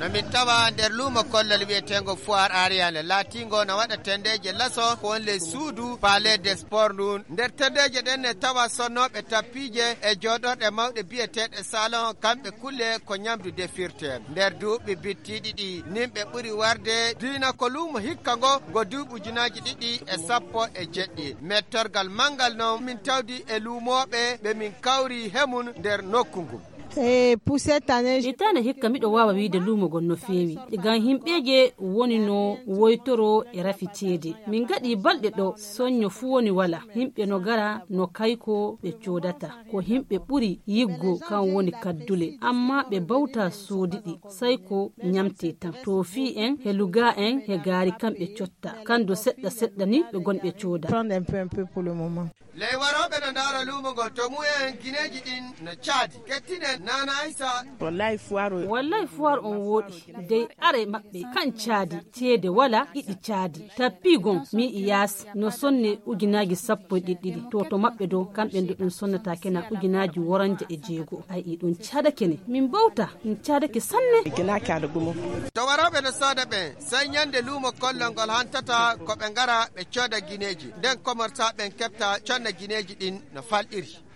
no min tawa nder luumo kollal wiyetego foir ariane latigo no waɗa tendeje laaso kowon ley suudu palais de sport ndun nder tendeje ɗen ne tawa sonnoɓe tappije e joɗorɗe mawɗe biyeteɗe salon kamɓe kulle ko ñamdu defirten nder duuɓi bitti ɗiɗi nimɓe ɓuuri warde diina ko luumo hikka go go duuɓi ujunaji ɗiɗi e sappo e jeɗɗi mettorgal manggal noon min tawdi e luumoɓe ɓe min kawri hemun nder nokku ngum hittane eh, e hikka miɗo wawa wiide lumogon no fewi gam himɓeje woni no woytoro e rafitede min gaɗi balɗe ɗo soño fu woni wala himɓe no gara no kayko ɓe codata ko himɓe ɓuri yiggo kan woni kaddule amma ɓe bawta soodiɗi sai ko ñamte tan to fi en he luga en he gaari kamɓe cotta kando seɗɗa seɗɗa ni ɓe gonɓe cooda lay waroɓe no dara lumogon to mu en guineji ɗin no cadi kettinen nana aisa wallahi fuwaro wallahi fuwar on wodi dai are mabbe kan chadi te de wala idi chadi gon mi iyas no sonne uginagi sappo dididi e to to mabbe do kambe do dum sonnata kena uginaji woranje e jego ai idun chada kene min bauta in chada ke sanne gina ka da gumo to warabe no sada be sanyande lumo kollongol hantata ko be ngara be coda gineji den komarta ben kepta chonna gineji din no faldiri